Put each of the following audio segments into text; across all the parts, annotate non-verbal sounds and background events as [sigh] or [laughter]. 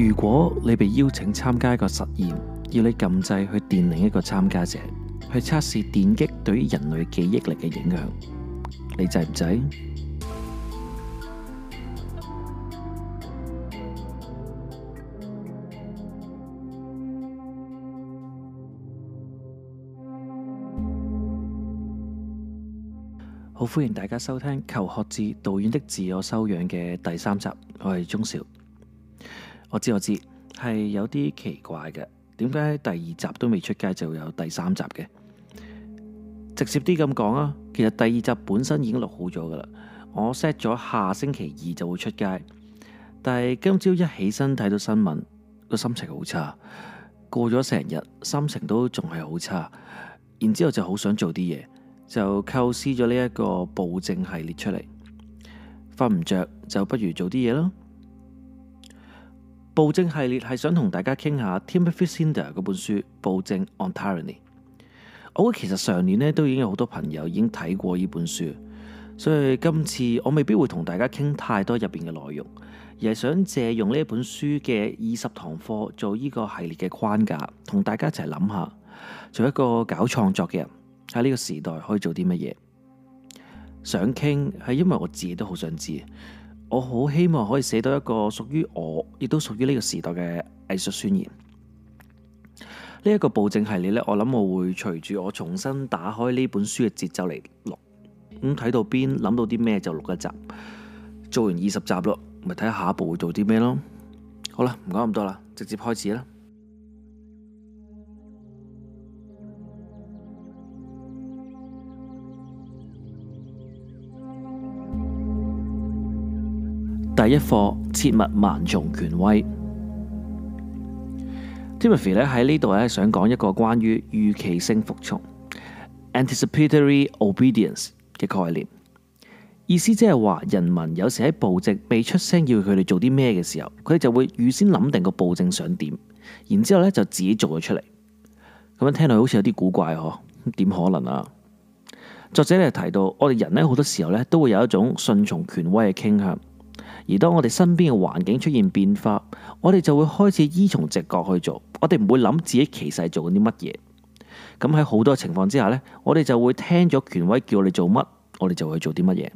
如果你被邀請參加一個實驗，要你撳掣去電另一個參加者，去測試電擊對於人類記憶力嘅影響，你制唔制？ [music] 好，歡迎大家收聽《求學智導演的自我修養》嘅第三集，我係鍾兆。我知，我知，係有啲奇怪嘅。點解第二集都未出街就有第三集嘅？直接啲咁講啊其實第二集本身已經錄好咗噶啦。我 set 咗下星期二就會出街，但係今朝一起身睇到新聞，個心情好差。過咗成日，心情都仲係好差。然之後就好想做啲嘢，就構思咗呢一個暴政系列出嚟。瞓唔着，就不如做啲嘢咯。暴政系列係想同大家傾下 Timothy Snyder 嗰本書《暴政 On Tyranny》。我覺得其實上年咧都已經有好多朋友已經睇過呢本書，所以今次我未必會同大家傾太多入邊嘅內容，而係想借用呢本書嘅二十堂課做呢個系列嘅框架，同大家一齊諗下，做一個搞創作嘅人喺呢個時代可以做啲乜嘢。想傾係因為我自己都好想知。我好希望可以寫到一個屬於我，亦都屬於呢個時代嘅藝術宣言。呢、這、一個暴政系列呢，我諗我會隨住我重新打開呢本書嘅節奏嚟錄。咁睇到邊，諗到啲咩就錄一集。做完二十集咯，咪睇下下一步會做啲咩咯。好啦，唔講咁多啦，直接開始啦。第一課，切勿盲從權威。Timothy 咧，喺呢度咧，想講一個關於預期性服從 （anticipatory obedience） 嘅概念。意思即係話，人民有時喺暴政未出聲要佢哋做啲咩嘅時候，佢哋就會預先諗定個暴政想點，然之後咧，就自己做咗出嚟。咁樣聽落好似有啲古怪喎？點可能啊？作者咧提到，我哋人咧，好多時候咧，都會有一種順從權威嘅傾向。而當我哋身邊嘅環境出現變化，我哋就會開始依從直覺去做，我哋唔會諗自己其實做緊啲乜嘢。咁喺好多情況之下呢，我哋就會聽咗權威叫我哋做乜，我哋就會去做啲乜嘢。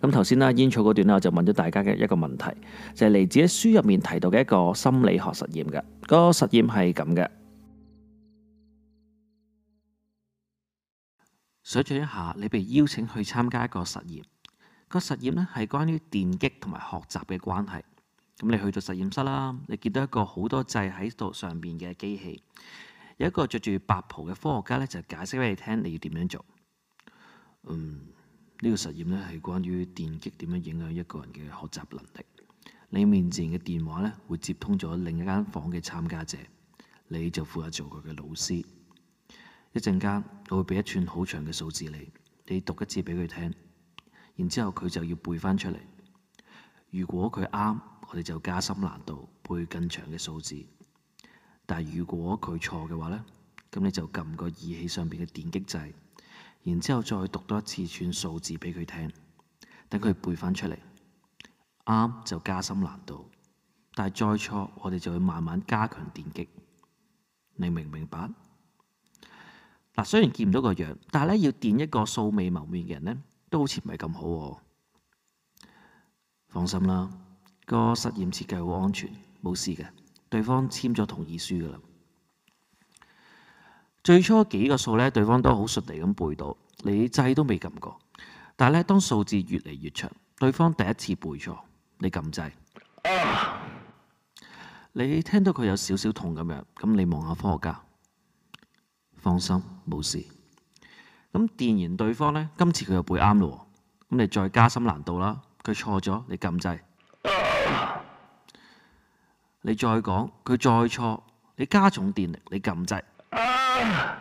咁頭先啦，煙草嗰段咧，我就問咗大家嘅一個問題，就係嚟自喺書入面提到嘅一個心理學實驗嘅。個實驗係咁嘅，想像一下你被邀請去參加一個實驗。個實驗呢係關於電擊同埋學習嘅關係。咁你去到實驗室啦，你見到一個好多掣喺度上邊嘅機器，有一個着住白袍嘅科學家咧，就解釋俾你聽你要點樣做。嗯，呢、呢個實驗呢係關於電擊點樣影響一個人嘅學習能力。你面前嘅電話呢，會接通咗另一間房嘅參加者，你就負責做佢嘅老師。一陣間，我會俾一串好長嘅數字你，你讀一次俾佢聽。然之後佢就要背翻出嚟。如果佢啱，我哋就加深難度，背更長嘅數字。但如果佢錯嘅話呢，咁你就撳個儀器上邊嘅電擊掣。然之後再讀多一次串數字俾佢聽，等佢背翻出嚟。啱就加深難度，但係再錯，我哋就會慢慢加強電擊。你明唔明白？嗱，雖然見唔到個樣，但係咧要電一個素未謀面嘅人呢。都好似唔係咁好。啊，放心啦，嗰個實驗設計好安全，冇事嘅。對方簽咗同意書噶啦。最初幾個數呢，對方都好順利咁背到，你掣都未撳過。但係呢，當數字越嚟越長，對方第一次背錯，你撳掣，你聽到佢有少少痛咁樣，咁你望下科學家，放心，冇事。咁電完對方呢，今次佢又背啱咯。咁你再加深難度啦，佢錯咗，你撳掣。啊、你再講，佢再錯，你加重電力，你撳掣。啊、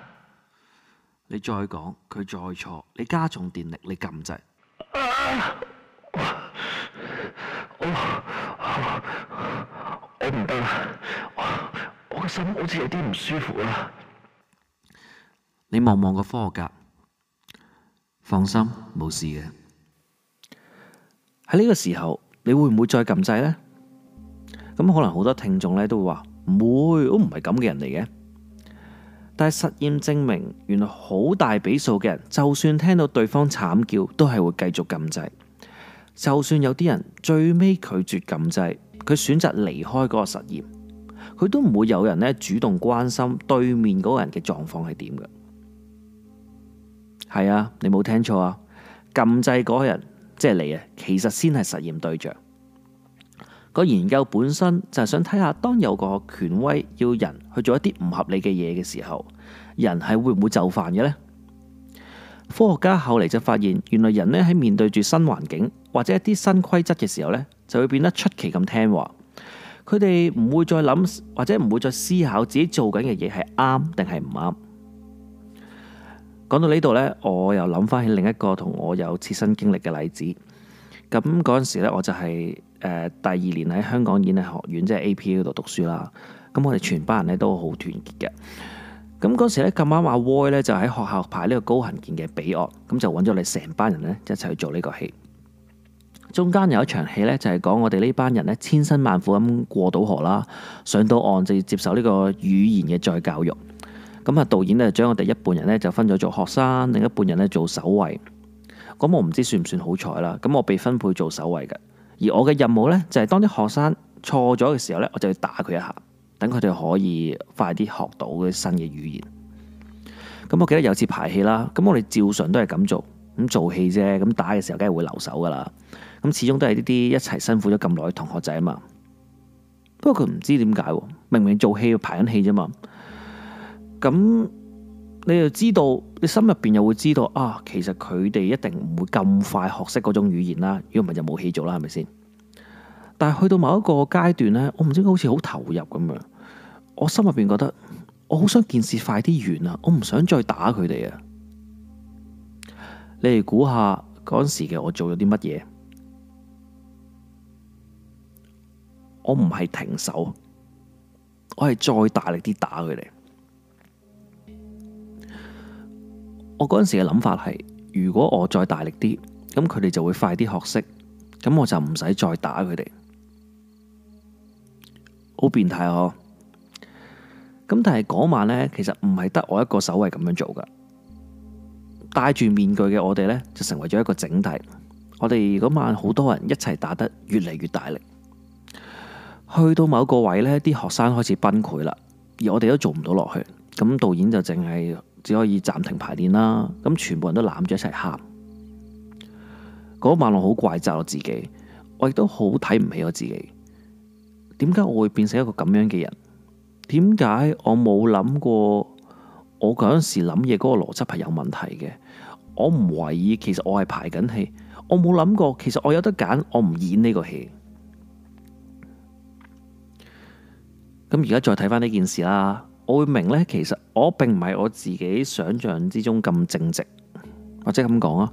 你再講，佢再錯，你加重電力，你撳掣、啊。我唔得啦，我個心好似有啲唔舒服啦。你望望個科學家。放心，冇事嘅。喺呢個時候，你會唔會再撳掣呢？咁可能好多聽眾咧都會話唔會，我唔係咁嘅人嚟嘅。但係實驗證明，原來好大比數嘅人，就算聽到對方慘叫，都係會繼續撳掣。就算有啲人最尾拒絕撳掣，佢選擇離開嗰個實驗，佢都唔會有人咧主動關心對面嗰個人嘅狀況係點嘅。係啊，你冇聽錯啊！撳掣嗰個人即係你啊，其實先係實驗對象。個研究本身就係想睇下，當有個權威要人去做一啲唔合理嘅嘢嘅時候，人係會唔會就範嘅呢？科學家後嚟就發現，原來人呢喺面對住新環境或者一啲新規則嘅時候呢，就會變得出奇咁聽話。佢哋唔會再諗或者唔會再思考自己做緊嘅嘢係啱定係唔啱。講到呢度呢，我又諗翻起另一個同我有切身經歷嘅例子。咁嗰陣時呢，我就係誒第二年喺香港演藝學院，即係 APA 度讀書啦。咁我哋全班人呢都好團結嘅。咁嗰時呢，咁啱阿 Y 呢就喺學校排呢個高行健嘅《彼岸》，咁就揾咗我哋成班人呢一齊去做呢個戲。中間有一場戲呢，就係、是、講我哋呢班人呢千辛萬苦咁過到河啦，上到岸就要接受呢個語言嘅再教育。咁啊，導演咧，將我哋一半人咧就分咗做學生，另一半人咧做守衛。咁我唔知算唔算好彩啦。咁我被分配做守衛嘅，而我嘅任務呢，就係、是、當啲學生錯咗嘅時候呢，我就要打佢一下，等佢哋可以快啲學到啲新嘅語言。咁我記得有次排戲啦，咁我哋照常都係咁做，咁做戲啫，咁打嘅時候梗係會留守噶啦。咁始終都係呢啲一齊辛苦咗咁耐嘅同學仔啊嘛。不過佢唔知點解，明明做戲要排緊戲啫嘛。咁你又知道，你心入邊又會知道啊，其實佢哋一定唔會咁快學識嗰種語言啦，如果唔係就冇戲做啦，係咪先？但係去到某一個階段呢，我唔知點解，好似好投入咁樣，我心入邊覺得我好想件事快啲完啊，我唔想再打佢哋啊！你哋估下嗰時嘅我做咗啲乜嘢？我唔係停手，我係再大力啲打佢哋。我嗰陣時嘅諗法係，如果我再大力啲，咁佢哋就會快啲學識，咁我就唔使再打佢哋。好變態哦！咁但係嗰晚呢，其實唔係得我一個守衛咁樣做噶，戴住面具嘅我哋呢，就成為咗一個整體。我哋嗰晚好多人一齊打得越嚟越大力，去到某個位呢，啲學生開始崩潰啦，而我哋都做唔到落去，咁導演就淨係。只可以暫停排練啦，咁全部人都攬住一齊喊。嗰晚我好怪責我自己，我亦都好睇唔起我自己。點解我會變成一個咁樣嘅人？點解我冇諗過我嗰陣時諗嘢嗰個邏輯係有問題嘅？我唔懷疑，其實我係排緊戲，我冇諗過，其實我有得揀，我唔演呢個戲。咁而家再睇翻呢件事啦。我會明咧，其實我並唔係我自己想象之中咁正直，或者咁講啊，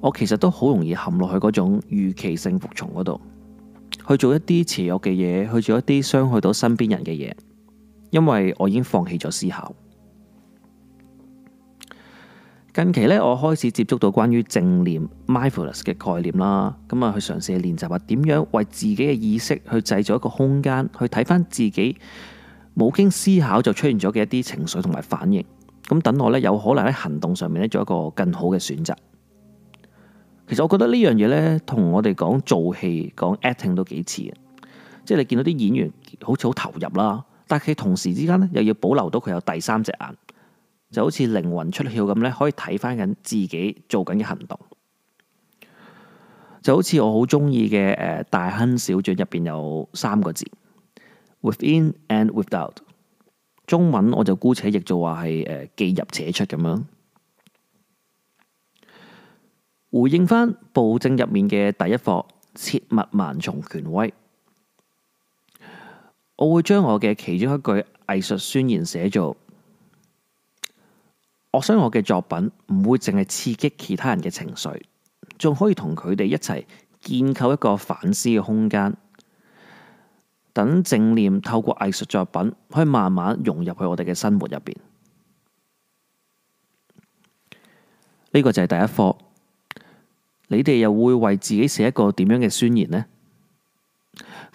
我其實都好容易陷落去嗰種預期性服從嗰度，去做一啲邪惡嘅嘢，去做一啲傷害到身邊人嘅嘢，因為我已經放棄咗思考。近期咧，我開始接觸到關於正念 mindfulness 嘅概念啦，咁啊去嘗試練習吓，點樣為自己嘅意識去製造一個空間，去睇翻自己冇經思考就出現咗嘅一啲情緒同埋反應，咁等我呢有可能喺行動上面呢做一個更好嘅選擇。其實我覺得呢樣嘢呢，同我哋講做戲、講 acting 都幾似。即係你見到啲演員好似好投入啦，但係佢同時之間呢又要保留到佢有第三隻眼，就好似靈魂出竅咁呢，可以睇翻緊自己做緊嘅行動。就好似我好中意嘅《大亨小傳》入邊有三個字。Within and Without，中文我就姑且譯做話係誒，既入且出咁樣回應返暴政入面嘅第一課，切勿盲從權威。我會將我嘅其中一句藝術宣言寫做：我想我嘅作品唔會淨係刺激其他人嘅情緒，仲可以同佢哋一齊建構一個反思嘅空間。等正念透過藝術作品，可以慢慢融入去我哋嘅生活入邊。呢個就係第一課。你哋又會為自己寫一個點樣嘅宣言呢？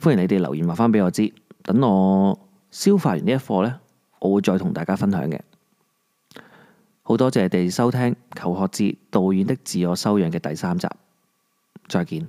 歡迎你哋留言話翻俾我知。等我消化完呢一課呢，我會再同大家分享嘅。好多謝你哋收聽《求學誌導演的自我修養》嘅第三集。再見。